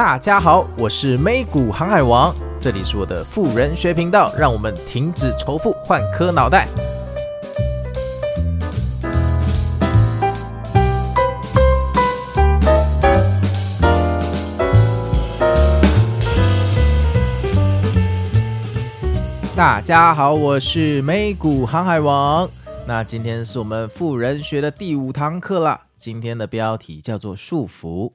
大家好，我是美股航海王，這裡是我的富人學頻道，讓我們停止仇富，換顆腦袋。大家好，我是美股航海王，那今天是我們富人學的第五堂課了，今天的標題叫做束縛。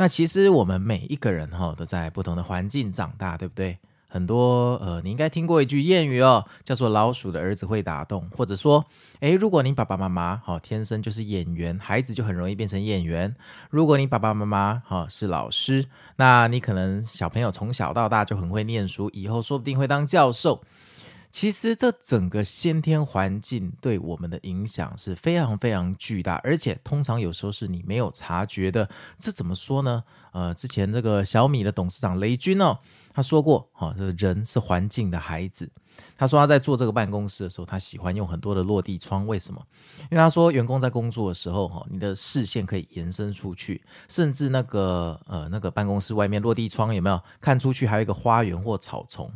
那其實我們每一個人哈都在不同的環境長大，對不對？很多呃，你應該聽過一句諺語哦，叫做“老鼠的兒子會打洞”，或者說，誒，如果你爸爸媽媽哈天生就是演員，孩子就很容易變成演員；如果你爸爸媽媽哈是老師，那你可能小朋友從小到大就很會念書，以後說不定會當教授。其實這整個先天環境對我們的影響是非常非常巨大，而且通常有時候是你沒有察覺的。這怎麼說呢？呃，之前這個小米的董事長雷軍哦，他說過，哈、哦，這人是環境的孩子。他說他在做這個辦公室的時候，他喜歡用很多的落地窗。為什麼？因為他說員工在工作的時候，哈，你的視線可以延伸出去，甚至那個呃那個辦公室外面落地窗有沒有，看出去還有一個花園或草叢，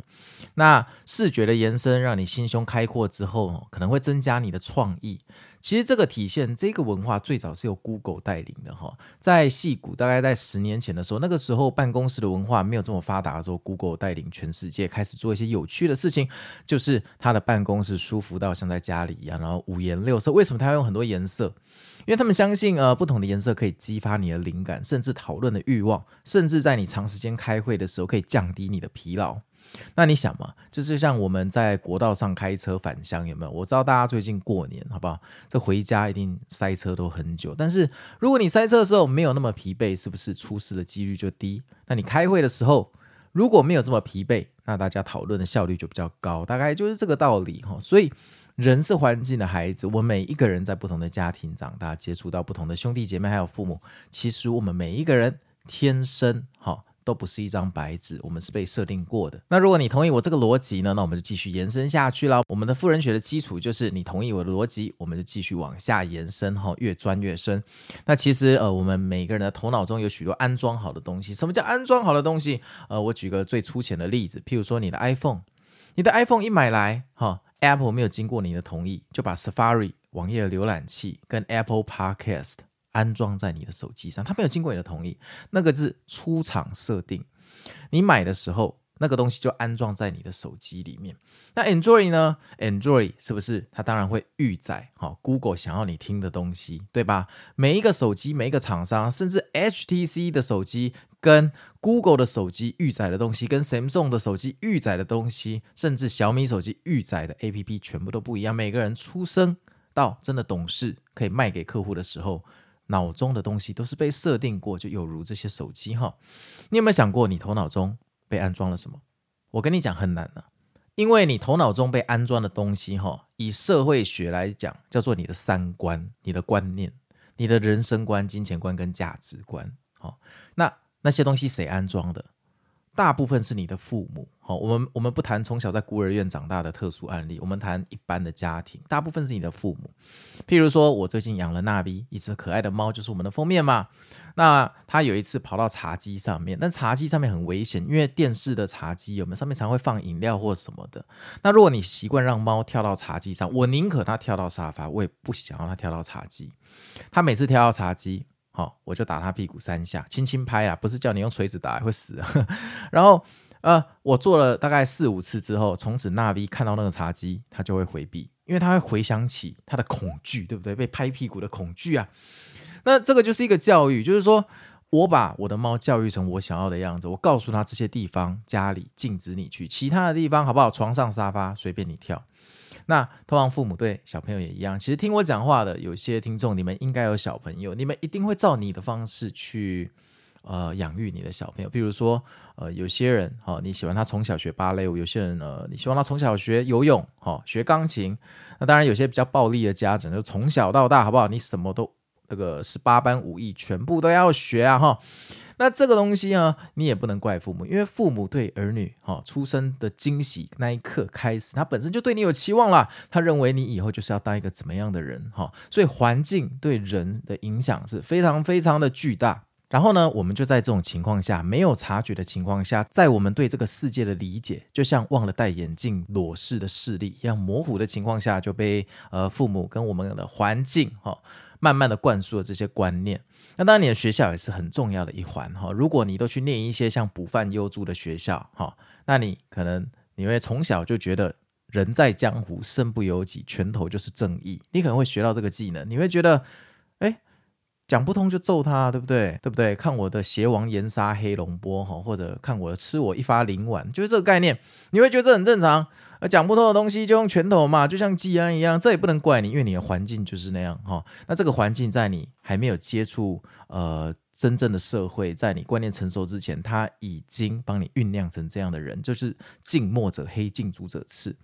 那視覺的延伸讓你心胸開闊之後，可能會增加你的創意。其實這個體現這個文化最早是由 Google 帶領的哈，在硅谷大概在十年前的時候，那個時候辦公室的文化沒有這麼發達的時候，Google 帶領全世界開始做一些有趣的事情，就是他的辦公室舒服到像在家裡一樣，然後五顏六色。為什麼他要用很多顏色？因為他們相信呃，不同的顏色可以激發你的靈感，甚至討論的慾望，甚至在你長時間開會的時候可以降低你的疲勞。那你想嘛，就是像我們在國道上開車返鄉，有沒有？我知道大家最近過年好不好？這回家一定塞車都很久。但是如果你塞車的時候沒有那麼疲憊，是不是出事的幾率就低？那你開會的時候如果沒有這麼疲憊，那大家討論的效率就比較高，大概就是這個道理哈。所以人是環境的孩子，我們每一個人在不同的家庭長大，接觸到不同的兄弟姐妹還有父母，其實我們每一個人天生哈。都不是一張白紙，我們是被設定過的。那如果你同意我這個邏輯呢？那我們就繼續延伸下去啦。我們的富人學的基礎就是你同意我的邏輯，我們就繼續往下延伸哈，越鑽越深。那其實呃，我們每個人的頭腦中有許多安裝好的東西。什麼叫安裝好的東西？呃，我舉個最粗淺的例子，譬如說你的 iPhone，你的 iPhone 一買來哈，Apple 沒有經過你的同意就把 Safari 網頁瀏覽器跟 Apple Podcast。安裝在你的手機上，他沒有經過你的同意，那個是出廠設定。你買的時候，那個東西就安裝在你的手機裡面。那 Android 呢？Android 是不是？它當然會預載，哈、哦、Google 想要你聽的東西，對吧？每一個手機，每一個廠商，甚至 HTC 的手機跟 Google 的手機預載的東西，跟 Samsung 的手機預載的東西，甚至小米手機預載的 APP 全部都不一樣。每個人出生到真的懂事，可以賣給客戶的時候。腦中的東西都是被設定過，就有如這些手機哈。你有沒有想過你頭腦中被安裝了什麼？我跟你講很難的啊，因為你頭腦中被安裝的東西哈，以社會學來講叫做你的三觀、你的觀念、你的人生觀、金錢觀跟價值觀。那那些東西誰安裝的？大部分是你的父母，好、哦，我們我們不談從小在孤兒院長大的特殊案例，我們談一般的家庭，大部分是你的父母。譬如說，我最近養了娜比，一隻可愛的貓，就是我們的封面嘛。那它有一次跑到茶幾上面，但茶幾上面很危險，因為電視的茶幾，我們上面常會放飲料或什麼的。那如果你習慣讓貓跳到茶幾上，我寧可它跳到沙發，我也不想讓它跳到茶几。它每次跳到茶几。好、哦，我就打他屁股三下，輕輕拍啦，不是叫你用錘子打，會死、啊。 然後，呃，我做了大概四五次之後，從此納威看到那個茶幾，他就會迴避，因為他會回想起他的恐懼，對不對？被拍屁股的恐懼啊。那這個就是一個教育，就是說，我把我的貓教育成我想要的樣子，我告訴他這些地方家裡禁止你去，其他的地方好不好？床上、沙發隨便你跳。那同樣，通常父母對小朋友也一樣。其實聽我講話的有些聽眾，你們應該有小朋友，你們一定會照你的方式去，呃，養育你的小朋友。比如說，呃，有些人哈、哦，你喜歡他從小學芭蕾舞；有些人呢、呃，你喜歡他從小學游泳、哦、學鋼琴。那當然，有些比較暴力的家長，就從小到大，好不好？你什麼都那個十八般武藝，全部都要學啊，哈、哦。那這個東西啊，你也不能怪父母，因為父母對兒女哈、哦、出生的驚喜那一刻開始，他本身就對你有期望了，他認為你以後就是要當一個怎麼樣的人哈、哦，所以環境對人的影響是非常非常的巨大。然後呢，我們就在這種情況下，沒有察覺的情況下，在我們對這個世界的理解就像忘了戴眼鏡裸視的視力一樣模糊的情況下，就被呃父母跟我們的環境哈、哦慢慢的灌輸了這些觀念，那當然你的學校也是很重要的一環哈、哦。如果你都去念一些像補飯優助的學校哈、哦，那你可能你會從小就覺得人在江湖身不由己，拳頭就是正義，你可能會學到這個技能，你會覺得。講不通就揍他，對不對？對不對？看我的邪王炎殺黑龍波吼，或者看我的吃我一發靈丸。就是這個概念。你會覺得這很正常，而講不通的東西就用拳頭嘛，就像雞安一樣，這也不能怪你，因為你的環境就是那樣、哦、那這個環境在你還沒有接觸呃真正的社會，在你觀念成熟之前，他已經幫你醞釀成這樣的人，就是近墨者黑，近朱者赤。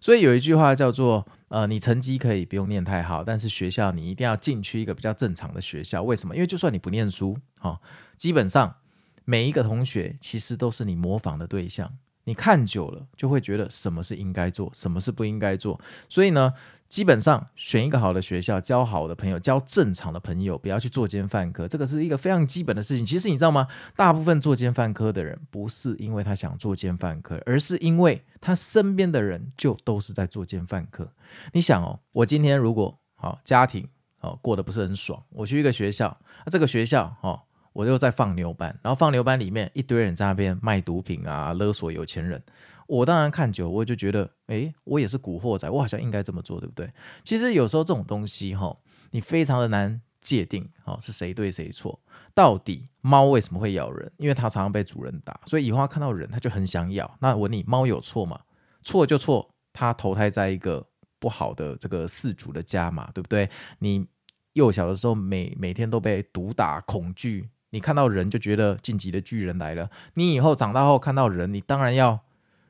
所以有一句話叫做：“呃，你成績可以不用念太好，但是學校你一定要進去一個比較正常的學校。為什麼？因為就算你不念書，哈、哦，基本上每一個同學其實都是你模仿的對象。你看久了，就會覺得什麼是應該做，什麼是不應該做。所以呢。”基本上選一個好的學校，交好的朋友，交正常的朋友，不要去作奸犯科，這個是一個非常基本的事情。其實你知道嗎？大部分作奸犯科的人，不是因為他想作奸犯科，而是因為他身邊的人就都是在作奸犯科。你想哦，我今天如果好、哦、家庭好、哦、過得不是很爽，我去一個學校，那這個學校哦，我就在放牛班，然後放牛班裡面一堆人在那邊賣毒品啊，勒索有錢人。我當然看久了，我就覺得，誒，我也是古惑仔，我好像應該這麼做，對不對？其實有時候這種東西哈，你非常的難界定，哈，是誰對誰錯？到底貓為什麼會咬人？因為它常常被主人打，所以以後它看到人，它就很想咬。那問你，貓有錯嗎？錯就錯，它投胎在一個不好的這個飼主的家嘛，對不對？你幼小的時候每每天都被毒打、恐懼，你看到人就覺得進擊的巨人來了。你以後長大後看到人，你當然要。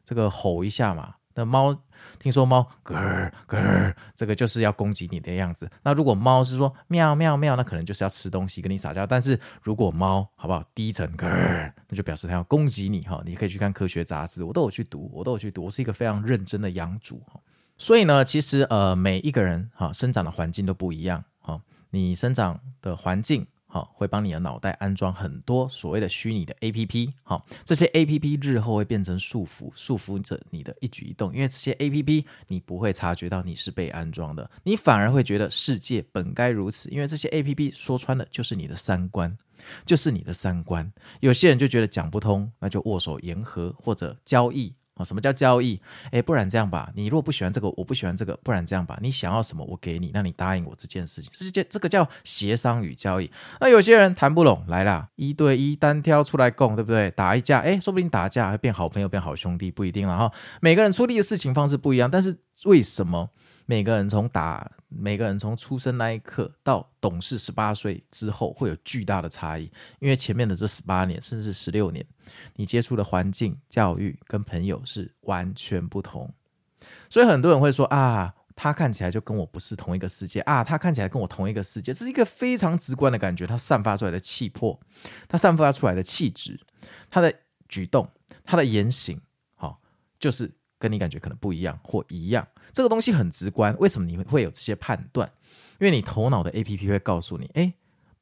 這個吼一下嘛，那貓聽說貓咯咯、呃呃，這個就是要攻擊你的樣子。那如果貓是說喵喵喵，那可能就是要吃東西跟你撒嬌。但是如果貓好不好低沉咯、呃，那就表示它要攻擊你哈、哦。你可以去看科學雜誌，我都有去讀，我都有去讀。我是一個非常認真的養主、哦。所以呢，其實呃每一個人哈、哦、生長的環境都不一樣哈、哦，你生長的環境。好，會幫你的腦袋安裝很多所謂的虛擬的 APP。好，這些 APP 日後會變成束縛，束縛着你的一舉一動。因為這些 APP，你不會察覺到你是被安裝的，你反而會覺得世界本該如此。因為這些 APP 說穿了就是你的三觀，就是你的三觀。有些人就覺得講不通，那就握手言和或者交易。什麼叫交易？哎，不然這樣吧，你如果不喜歡這個，我不喜歡這個，不然這樣吧，你想要什麼，我給你，那你答應我這件事情，這件這個叫協商與交易。那有些人談不攏，來啦，一對一單挑出來共，對不對？打一架，哎，說不定打架還變好朋友，變好兄弟不一定了哈。每個人出力的事情方式不一樣，但是為什麼每個人從打？每個人從出生那一刻到懂事十八歲之後，會有巨大的差異，因為前面的這十八年甚至十六年，你接觸的環境、教育跟朋友是完全不同。所以很多人會說啊，他看起來就跟我不是同一個世界啊，他看起來跟我同一個世界，這是一個非常直觀的感覺。他散發出來的氣魄，他散發出來的氣質，他的舉動，他的言行，好、哦，就是。跟你感覺可能不一樣或一樣，這個東西很直觀。為什麼你會有這些判斷？因為你頭腦的 APP 會告訴你，哎，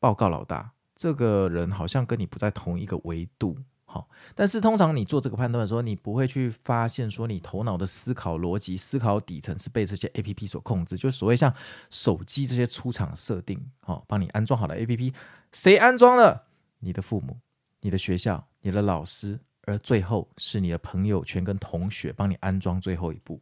報告老大，這個人好像跟你不在同一個維度。好，但是通常你做這個判斷的時候，你不會去發現說你頭腦的思考邏輯、思考底層是被這些 APP 所控制。就是所謂像手機這些出廠設定，好，幫你安裝好的 APP，誰安裝了？你的父母、你的學校、你的老師。而最後是你的朋友圈跟同學幫你安裝最後一步，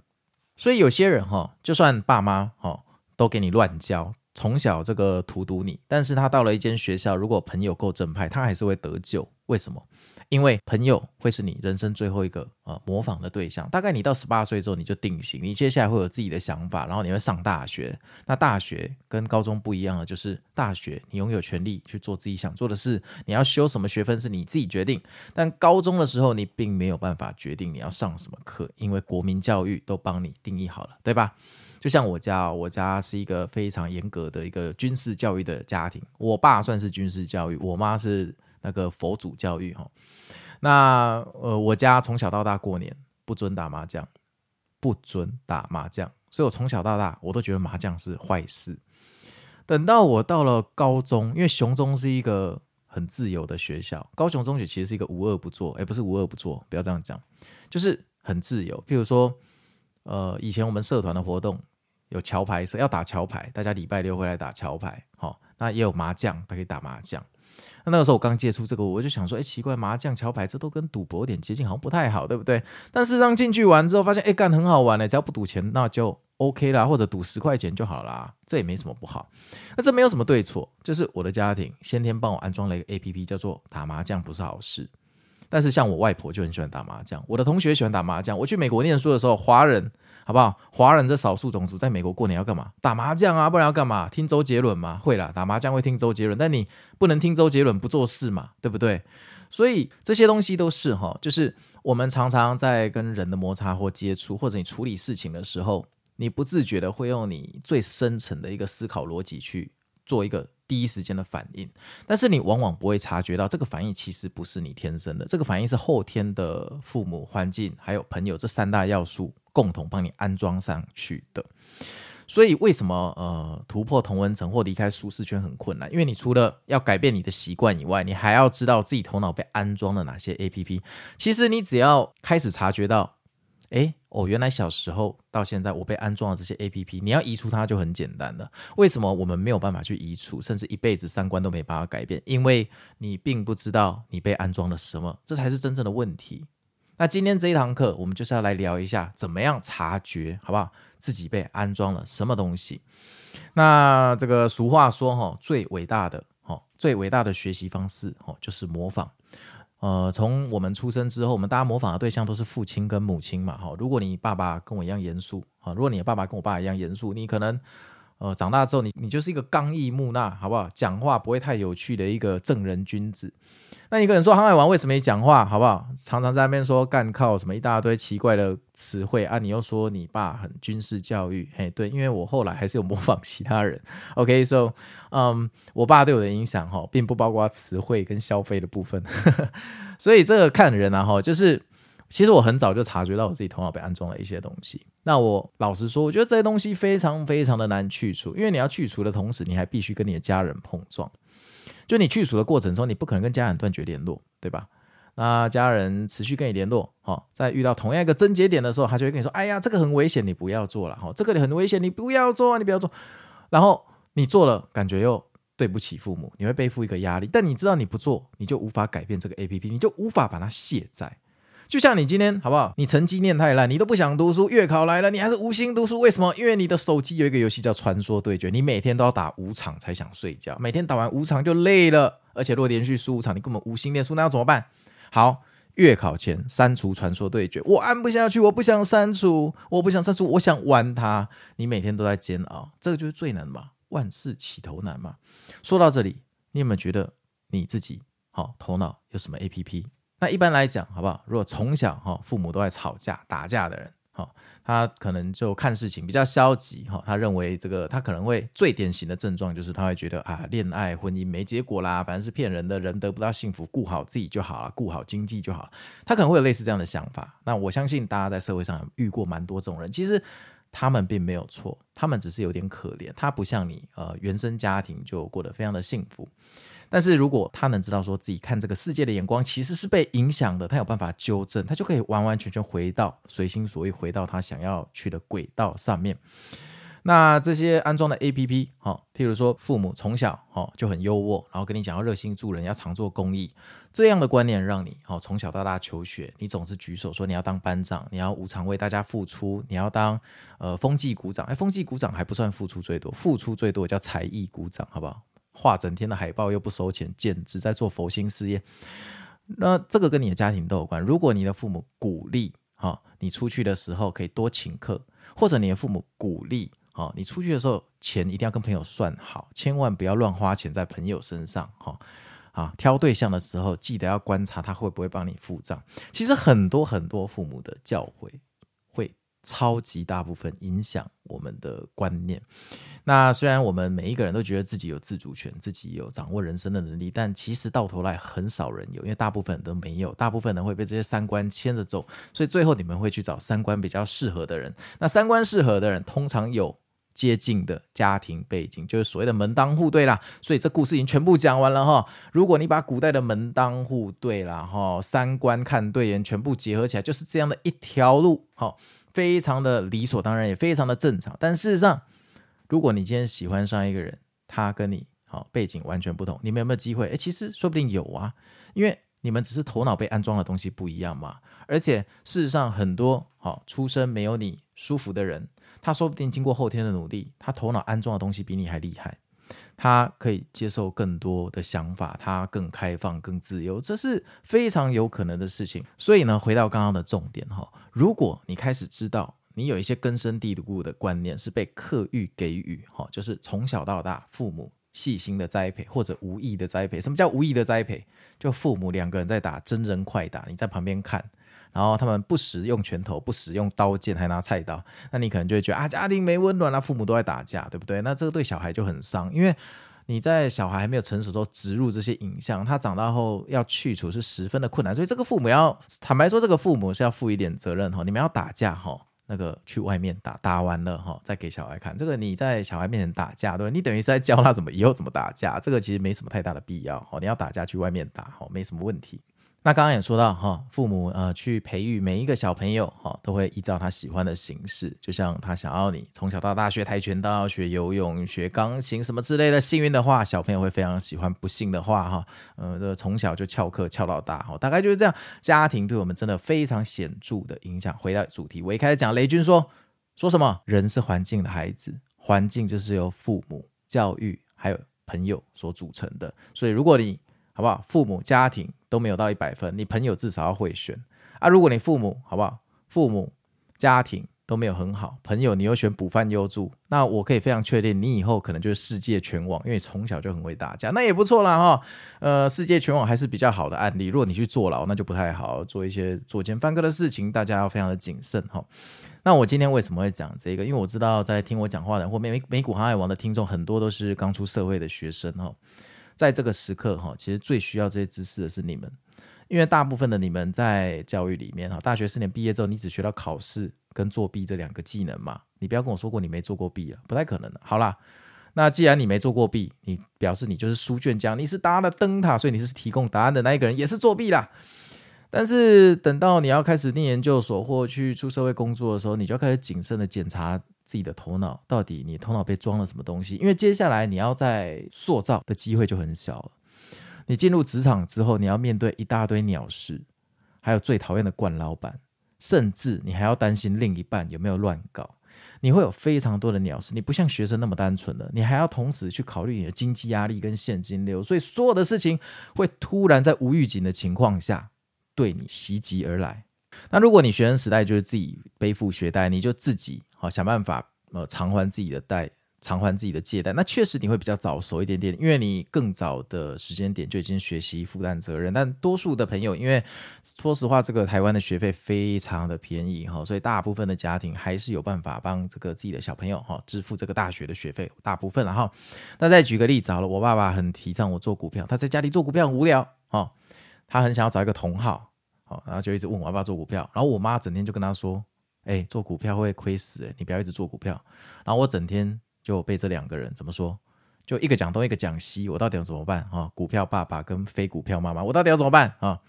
所以有些人哈，就算爸媽哈都給你亂教，從小這個荼毒你，但是他到了一間學校，如果朋友夠正派，他還是會得救。為什麼？因為朋友會是你人生最後一個呃模仿的對象，大概你到十八歲之後你就定型，你接下來會有自己的想法，然後你會上大學。那大學跟高中不一樣的就是大學你擁有權利去做自己想做的事，你要修什麼學分是你自己決定。但高中的時候你並沒有辦法決定你要上什麼課，因為國民教育都幫你定義好了，對吧？就像我家哦，我家是一個非常嚴格的一個軍事教育的家庭，我爸算是軍事教育，我媽是。那個佛祖教育哈，那呃，我家從小到大過年不准打麻將，不准打麻將，所以我從小到大我都覺得麻將是壞事。等到我到了高中，因為雄中是一個很自由的學校，高雄中學其實是一個無惡不作，哎、欸，不是無惡不作，不要這樣講，就是很自由。譬如說，呃，以前我們社團的活動有橋牌社要打橋牌，大家禮拜六會來打橋牌，好，那也有麻將，他可以打麻將。那那個時候我剛接觸這個，我就想說，哎、欸，奇怪，麻將、橋牌這都跟賭博有點接近，好像不太好，對不對？但是讓進去玩之後，發現，哎、欸，幹很好玩嘞、欸，只要不賭錢，那就 OK 啦，或者賭十塊錢就好啦，這也沒什麼不好。那這沒有什麼對錯，就是我的家庭先天幫我安裝了一個 APP，叫做“打麻將不是好事”。但是像我外婆就很喜歡打麻將，我的同學喜歡打麻將。我去美國念書的時候，華人好不好？華人這少數種族在美國過年要幹嘛？打麻將啊，不然要幹嘛？聽周杰倫嘛？會啦，打麻將會聽周杰倫，但你不能聽周杰倫不做事嘛，對不對？所以這些東西都是哈，就是我們常常在跟人的摩擦或接觸，或者你處理事情的時候，你不自覺的會用你最深層的一個思考邏輯去。做一個第一時間的反應，但是你往往不會察覺到這個反應其實不是你天生的，這個反應是後天的父母、環境還有朋友這三大要素共同幫你安裝上去的。所以為什麼呃突破同溫層或離開舒適圈很困難？因為你除了要改變你的習慣以外，你還要知道自己頭腦被安裝了哪些 APP。其實你只要開始察覺到，哎。哦，原來小時候到現在，我被安裝了這些 APP，你要移除它就很簡單了。為什麼我們沒有辦法去移除，甚至一輩子三觀都沒辦法改變？因為你並不知道你被安裝了什麼，這才是真正的問題。那今天這一堂課，我們就是要來聊一下，怎麼樣察覺，好不好？自己被安裝了什麼東西？那這個俗話說哈，最偉大的哦，最偉大的學習方式哦，就是模仿。呃，從我們出生之後，我們大家模仿的對象都是父親跟母親嘛，哈、哦。如果你爸爸跟我一樣嚴肅，哈、哦，如果你的爸爸跟我爸一樣嚴肅，你可能。呃，長大之後你你就是一個剛毅木訥，好不好？講話不會太有趣的一個正人君子。那你跟人說航海王為什麼也講話，好不好？常常在那邊說幹靠什麼一大堆奇怪的詞彙啊！你又說你爸很軍事教育，嘿，對，因為我後來還是有模仿其他人。OK，so，、okay, 嗯，我爸對我的影響哈，並不包括他詞彙跟消費的部分。 所以這個看人啊，哈，就是。其實我很早就察覺到我自己頭腦被安裝了一些東西。那我老實說，我覺得這些東西非常非常的難去除，因為你要去除的同時，你還必須跟你的家人碰撞。就你去除的過程中，你不可能跟家人斷絕聯絡，對吧？那家人持續跟你聯絡，哈、哦，在遇到同樣一個症結點的時候，他就會跟你說：“哎呀，這個很危險，你不要做了。”哈，這個很危險，你不要做、啊，你不要做。然後你做了，感覺又對不起父母，你會背負一個壓力。但你知道你不做，你就無法改變這個 APP，你就無法把它卸載。就像你今天好不好？你成績念太爛，你都不想讀書。月考來了，你還是無心讀書，為什麼？因為你的手機有一個遊戲叫《傳說對決》，你每天都要打五場才想睡覺。每天打完五場就累了，而且如果連續輸五場，你根本無心念書。那要怎麼辦？好，月考前刪除《傳說對決》。我按不下去，我不想刪除，我不想刪除，我想玩它。你每天都在煎熬，這個就是最難嘛，萬事起頭難嘛。說到這裡，你有沒有覺得你自己好、哦、頭腦有什麼 A P P？那一般來講，好不好？如果從小哈，父母都在吵架打架的人，哈，他可能就看事情比較消極哈。他認為這個，他可能會最典型的症狀就是他會覺得啊，戀愛婚姻沒結果啦，反正是騙人的，人得不到幸福，顧好自己就好了，顧好經濟就好了。他可能會有類似這樣的想法。那我相信大家在社會上遇過蠻多這種人，其實他們並沒有錯，他們只是有點可憐。他不像你呃，原生家庭就過得非常的幸福。但是如果他能知道說自己看這個世界的眼光其實是被影響的，他有辦法糾正，他就可以完完全全回到隨心所欲，回到他想要去的軌道上面。那這些安裝的 APP，好，譬如說父母從小好就很優渥，然後跟你講要熱心助人，要常做公益，這樣的觀念讓你好從小到大求學，你總是舉手說你要當班長，你要無償為大家付出，你要當呃風紀股長，哎，風紀股長還不算付出最多，付出最多叫才藝股長，好不好？畫整天的海報又不收錢，簡直在做佛心事業。那這個跟你的家庭都有關。如果你的父母鼓勵哈、哦，你出去的時候可以多請客；或者你的父母鼓勵哈、哦，你出去的時候錢一定要跟朋友算好，千萬不要亂花錢在朋友身上哈、哦。啊，挑對象的時候記得要觀察他會不會幫你付賬。其實很多很多父母的教誨。超級大部分影響我們的觀念。那雖然我們每一個人都覺得自己有自主權，自己有掌握人生的能力，但其實到頭來很少人有，因為大部分人都沒有，大部分人會被這些三觀牽着走。所以最後你們會去找三觀比較適合的人。那三觀適合的人，通常有接近的家庭背景，就是所謂的門當戶對啦。所以這故事已經全部講完了哈。如果你把古代的門當戶對啦、哈三觀看對眼全部結合起來，就是這樣的一條路哈。非常的理所當然，也非常的正常。但事實上，如果你今天喜歡上一個人，他跟你好、哦、背景完全不同，你們有沒有機會？誒，其實說不定有啊，因為你們只是頭腦被安裝的東西不一樣嘛。而且事實上，很多好、哦、出身沒有你舒服的人，他說不定經過後天的努力，他頭腦安裝的東西比你還厲害，他可以接受更多的想法，他更開放、更自由，這是非常有可能的事情。所以呢，回到剛剛的重點哈。哦如果你開始知道，你有一些根深蒂固的觀念是被刻意給予，哈，就是從小到大，父母細心的栽培或者無意的栽培。什麼叫無意的栽培？就父母兩個人在打真人快打，你在旁邊看，然後他們不時用拳頭，不時用刀劍，還拿菜刀，那你可能就會覺得啊，家庭沒溫暖了，啊，父母都在打架，對不對？那這個對小孩就很傷，因為。你在小孩還沒有成熟的時候植入這些影像，他長大後要去除是十分的困難，所以這個父母要坦白說，這個父母是要負一點責任哈。你們要打架哈，那個去外面打，打完了哈，再給小孩看這個。你在小孩面前打架，對你等於是在教他怎麼以後怎麼打架，這個其實沒什麼太大的必要哈。你要打架去外面打，哈，沒什麼問題。那剛剛也說到哈，父母呃去培育每一個小朋友哈，都會依照他喜歡的形式，就像他想要你從小到大學跆拳道，到學游泳，學鋼琴什麼之類的。幸運的話，小朋友會非常喜歡；不幸的話哈，呃，從小就翹課翹到大哈，大概就是這樣。家庭對我們真的非常顯著的影響。回到主題，我一開始講雷軍說說什麼，人是環境的孩子，環境就是由父母、教育還有朋友所組成的。所以如果你好不好？父母家庭都沒有到一百分，你朋友至少要會選啊。如果你父母好不好？父母家庭都沒有很好，朋友你又選補飯優住。那我可以非常確定，你以後可能就是世界拳王，因為從小就很會打架，那也不錯啦哈、哦。呃，世界拳王還是比較好的案例。如果你去坐牢，那就不太好，做一些作奸犯科的事情，大家要非常的謹慎哈、哦。那我今天為什麼會講這個？因為我知道在聽我講話的或美美股航海王的聽眾很多都是剛出社會的學生哈。哦在這個時刻，哈，其實最需要這些知識的是你們，因為大部分的你們在教育裡面，哈，大學四年畢業之後，你只學到考試跟作弊這兩個技能嘛。你不要跟我說過你沒做過弊了，不太可能的。好啦。那既然你沒做過弊，你表示你就是書卷獎，你是搭了燈塔，所以你是提供答案的那一個人，也是作弊啦。但是等到你要開始念研究所或去出社會工作的時候，你就要開始謹慎的檢查。自己的頭腦，到底你頭腦被裝了什麼東西？因為接下來你要再塑造的機會就很小了。你進入職場之後，你要面對一大堆鳥事，還有最討厭的慣老闆，甚至你還要擔心另一半有沒有亂搞。你會有非常多的鳥事，你不像學生那麼單純了，你還要同時去考慮你的經濟壓力跟現金流。所以所有的事情會突然在無預警的情況下對你襲擊而來。那如果你學生時代就是自己背負學貸，你就自己好、哦、想辦法呃償還自己的貸，償還自己的借貸。那確實你會比較早熟一點點，因為你更早的時間點就已經學習負擔責任。但多數的朋友，因為說實話，這個台灣的學費非常的便宜哈、哦，所以大部分的家庭還是有辦法幫這個自己的小朋友哈、哦、支付這個大學的學費大部分了哈、哦。那再舉個例子好了，我爸爸很提倡我做股票，他在家裡做股票很無聊哈、哦，他很想要找一個同好。好，然後就一直問我要不要做股票，然後我媽整天就跟她說：“哎、欸，做股票會虧死、欸，你不要一直做股票。”然後我整天就被這兩個人怎麼說，就一個講東，一個講西，我到底要怎麼辦啊？股票爸爸跟非股票媽媽，我到底要怎麼辦啊？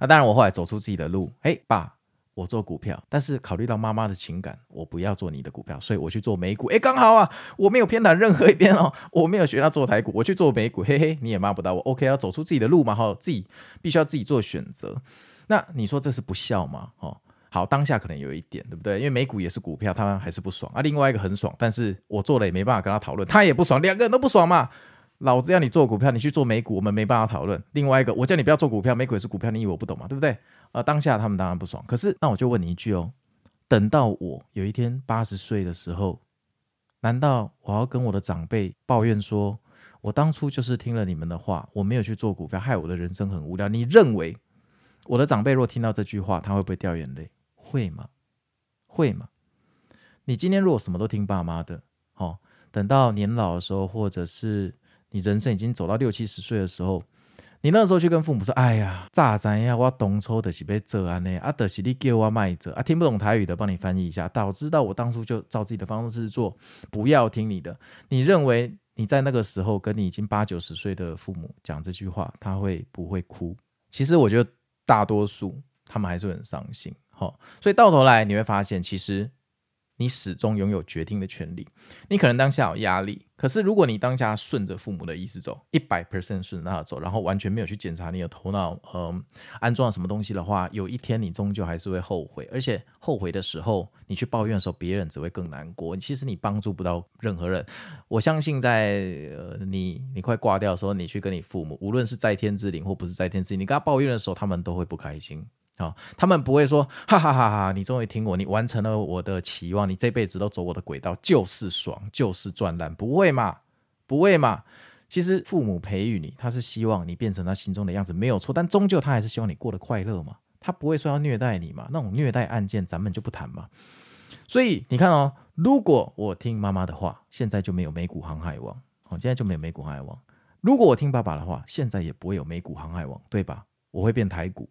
那當然，我後來走出自己的路。哎、欸，爸，我做股票，但是考慮到媽媽的情感，我不要做你的股票，所以我去做美股。哎、欸，剛好啊，我沒有偏袒任何一邊哦，我沒有學他做台股，我去做美股。嘿嘿，你也罵不到我。OK，要、啊、走出自己的路嘛？哈、哦，自己必須要自己做選擇。那你說這是不孝嗎？哦，好，當下可能有一點，對不對？因為美股也是股票，他們還是不爽啊。另外一個很爽，但是我做了也沒辦法跟他討論，他也不爽，兩個人都不爽嘛。老子要你做股票，你去做美股，我們沒辦法討論。另外一個，我叫你不要做股票，美股也是股票，你以為我不懂嘛？對不對？啊、呃，當下他們當然不爽，可是那我就問你一句哦，等到我有一天八十歲的時候，難道我要跟我的長輩抱怨說，我當初就是聽了你們的話，我沒有去做股票，害我的人生很無聊？你認為？我的長輩若聽到這句話，他會不會掉眼淚？會嗎？會嗎？你今天如果什麼都聽爸媽的，哦，等到年老的時候，或者是你人生已經走到六七十歲的時候，你那個時候去跟父母說：“哎呀，咋咱呀，我初就是要東抽的被折啊嘞，啊的，就是你給我要賣折啊。”聽不懂台語的，幫你翻譯一下。導致到我當初就照自己的方式做，不要聽你的。你認為你在那個時候跟你已經八九十歲的父母講這句話，他會不會哭？其實我覺得。大多數他們還是很傷心，好、哦，所以到頭來你會發現，其實。你始終擁有決定的權利。你可能當下有壓力，可是如果你當下順着父母的意思走，一百 percent 順着他走，然後完全沒有去檢查你的頭腦，嗯、呃，安裝了什麼東西的話，有一天你終究還是會後悔。而且後悔的時候，你去抱怨的時候，別人只會更難過。其實你幫助不到任何人。我相信在，在、呃、你你快掛掉的時候，你去跟你父母，無論是在天之靈或不是在天之靈，你跟他抱怨的時候，他們都會不開心。好、哦，他們不會說哈哈哈哈！你終於聽我，你完成了我的期望，你這輩子都走我的軌道就是爽，就是賺爛，不會嘛？不會嘛？其實父母培育你，他是希望你變成他心中的樣子，沒有錯。但終究他還是希望你過得快樂嘛？他不會說要虐待你嘛？那種虐待案件咱們就不談嘛。所以你看哦，如果我聽媽媽的話，現在就沒有美股航海王，好、哦，現在就沒有美股航海王。如果我聽爸爸的話，現在也不會有美股航海王，對吧？我會變台股。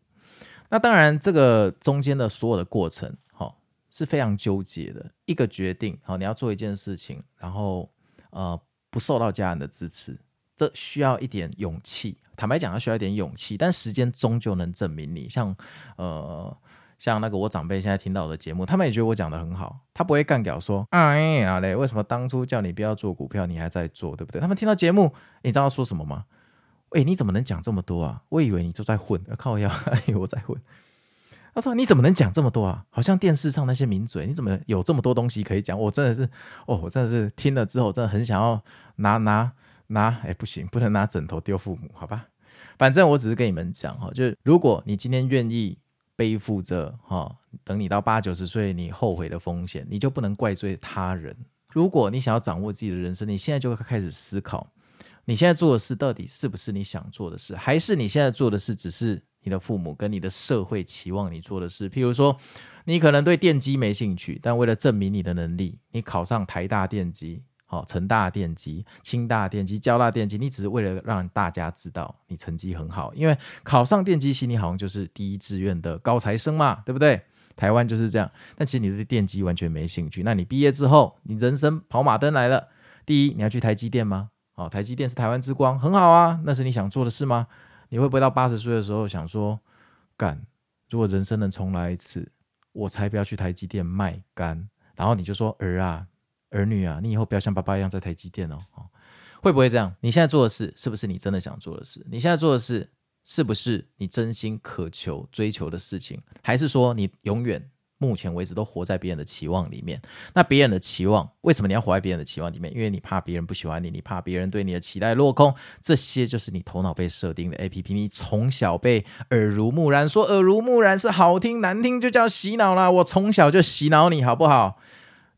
那當然，這個中間的所有的過程，哈、哦，是非常糾結的一個決定。好、哦，你要做一件事情，然後呃不受到家人的支持，這需要一點勇氣。坦白講，要需要一點勇氣，但時間終究能證明你。像呃像那個我長輩現在聽到我的節目，他們也覺得我講得很好，他不會幹屌說啊，呀、嗯啊、嘞，為什麼當初叫你不要做股票，你還在做，對不對？他們聽到節目，你知道說什麼嗎？哎，你怎麼能講這麼多啊？我以為你都在混，靠我腰，哎，我在混。他說：“你怎麼能講這麼多啊？好像電視上那些名嘴，你怎麼有這麼多東西可以講？我真的是，哦，我真的是聽了之後，真的很想要拿拿拿，哎，不行，不能拿枕頭丟父母，好吧？反正我只是跟你們講哈，就是如果你今天願意背負着哈，等你到八九十歲你後悔的風險，你就不能怪罪他人。如果你想要掌握自己的人生，你現在就會開始思考。”你現在做的事到底是不是你想做的事？還是你現在做的事只是你的父母跟你的社會期望你做的事？譬如說，你可能對電機沒興趣，但為了證明你的能力，你考上台大電機，好、哦、成大電機、清大電機、交大電機，你只是為了讓大家知道你成績很好，因為考上電機系你好像就是第一志願的高材生嘛，對不對？台灣就是這樣。但其實你對電機完全沒興趣，那你畢業之後，你人生跑馬燈來了，第一你要去台積電嗎？哦，台積電是台灣之光，很好啊。那是你想做的事嗎？你會不會到八十歲的時候想說，幹？如果人生能重來一次，我才不要去台積電賣肝。然後你就說兒啊，兒女啊，你以後不要像爸爸一樣在台積電哦。會不會這樣？你現在做的事是不是你真的想做的事？你現在做的事是不是你真心渴求、追求的事情？還是說你永遠？目前為止都活在別人的期望裡面，那別人的期望為什麼你要活在別人的期望裡面？因為你怕別人不喜歡你，你怕別人對你的期待落空，這些就是你頭腦被設定的 APP。你從小被耳濡目染，說耳濡目染是好聽，難聽就叫洗腦啦。我從小就洗腦你好不好？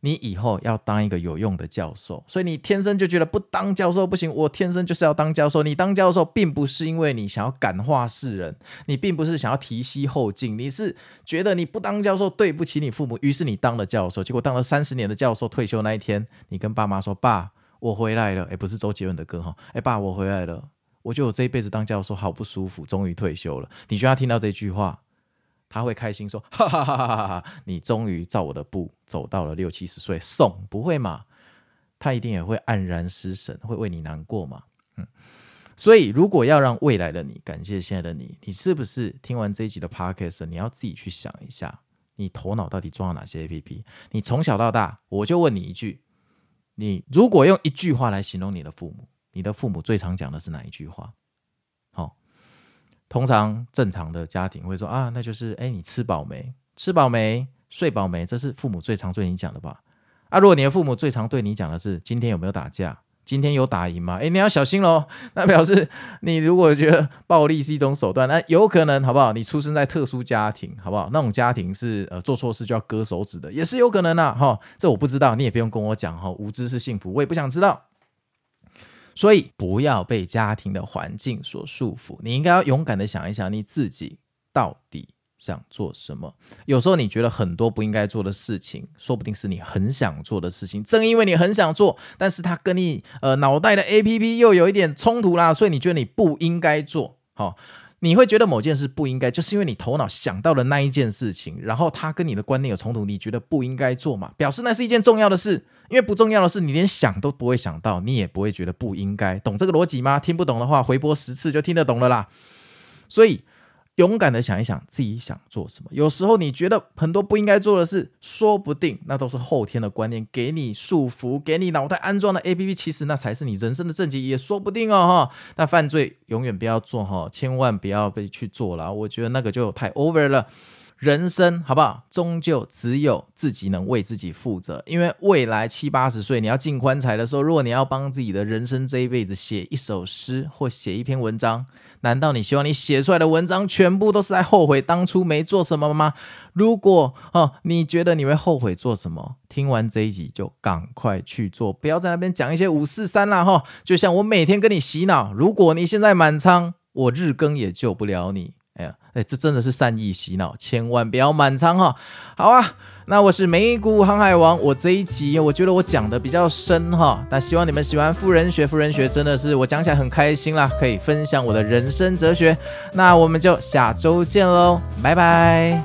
你以後要當一個有用的教授，所以你天生就覺得不當教授不行。我天生就是要當教授。你當教授並不是因為你想要感化世人，你並不是想要提攜後進，你是覺得你不當教授對不起你父母，於是你當了教授。結果當了三十年的教授，退休那一天，你跟爸媽說：“爸，我回來了。”哎，不是周杰倫的歌哈。哎，爸，我回來了。我覺得我這一輩子當教授好不舒服，終於退休了。你就要聽到這句話？他會開心說：“哈哈哈哈哈哈！你終於照我的步走到了六七十歲，送不會嘛？”他一定也會黯然失神，會為你難過嘛？嗯。所以，如果要讓未來的你感謝現在的你，你是不是聽完這一集的 podcast，你要自己去想一下，你頭腦到底裝了哪些 app？你從小到大，我就問你一句：你如果用一句話來形容你的父母，你的父母最常講的是哪一句話？通常正常的家庭會說啊，那就是哎，你吃飽沒？吃飽沒？睡飽沒？這是父母最常對你講的吧。啊。如果你的父母最常對你講的是今天有沒有打架？今天有打贏嗎？哎，你要小心嘍。那表示你如果覺得暴力是一種手段，那有可能好不好？你出生在特殊家庭好不好？那種家庭是呃做錯事就要割手指的，也是有可能的啊。哈。這我不知道，你也不用跟我講哈。無知是幸福，我也不想知道。所以不要被家庭的環境所束縛，你應該要勇敢的想一想，你自己到底想做什麼。有時候你覺得很多不應該做的事情，說不定是你很想做的事情。正因為你很想做，但是它跟你呃腦袋的 APP 又有一點衝突啦，所以你覺得你不應該做。好、哦。你會覺得某件事不應該，就是因為你頭腦想到了那一件事情，然後它跟你的觀念有衝突，你覺得不應該做嘛？表示那是一件重要的事，因為不重要的事你連想都不會想到，你也不會覺得不應該。懂這個邏輯嗎？聽不懂的話回播十次就聽得懂了啦。所以。勇敢的想一想，自己想做什麼。有時候你覺得很多不應該做的事，說不定那都是後天的觀念給你束縛，給你腦袋安裝的 APP，其實那才是你人生的正解，也說不定哦哈、哦。那犯罪永遠不要做哈，千萬不要被去做了。我覺得那個就太 over 了。人生好不好，終究只有自己能為自己負責。因為未來七八十歲你要進棺材的時候，如果你要幫自己的人生這一輩子寫一首詩或寫一篇文章。難道你希望你寫出來的文章全部都是在後悔當初沒做什麼嗎？如果哦，你覺得你會後悔做什麼？聽完這一集就趕快去做，不要在那邊講一些五四三啦哈，哦，就像我每天跟你洗腦，如果你現在滿倉，我日更也救不了你。哎呀，哎，這真的是善意洗腦，千萬不要滿倉哈，哦！好啊。那我是美股航海王，我這一集我覺得我講的比較深哈，但希望你們喜歡富人學，富人學真的是我講起來很開心啦，可以分享我的人生哲學，那我們就下周見嘍，拜拜。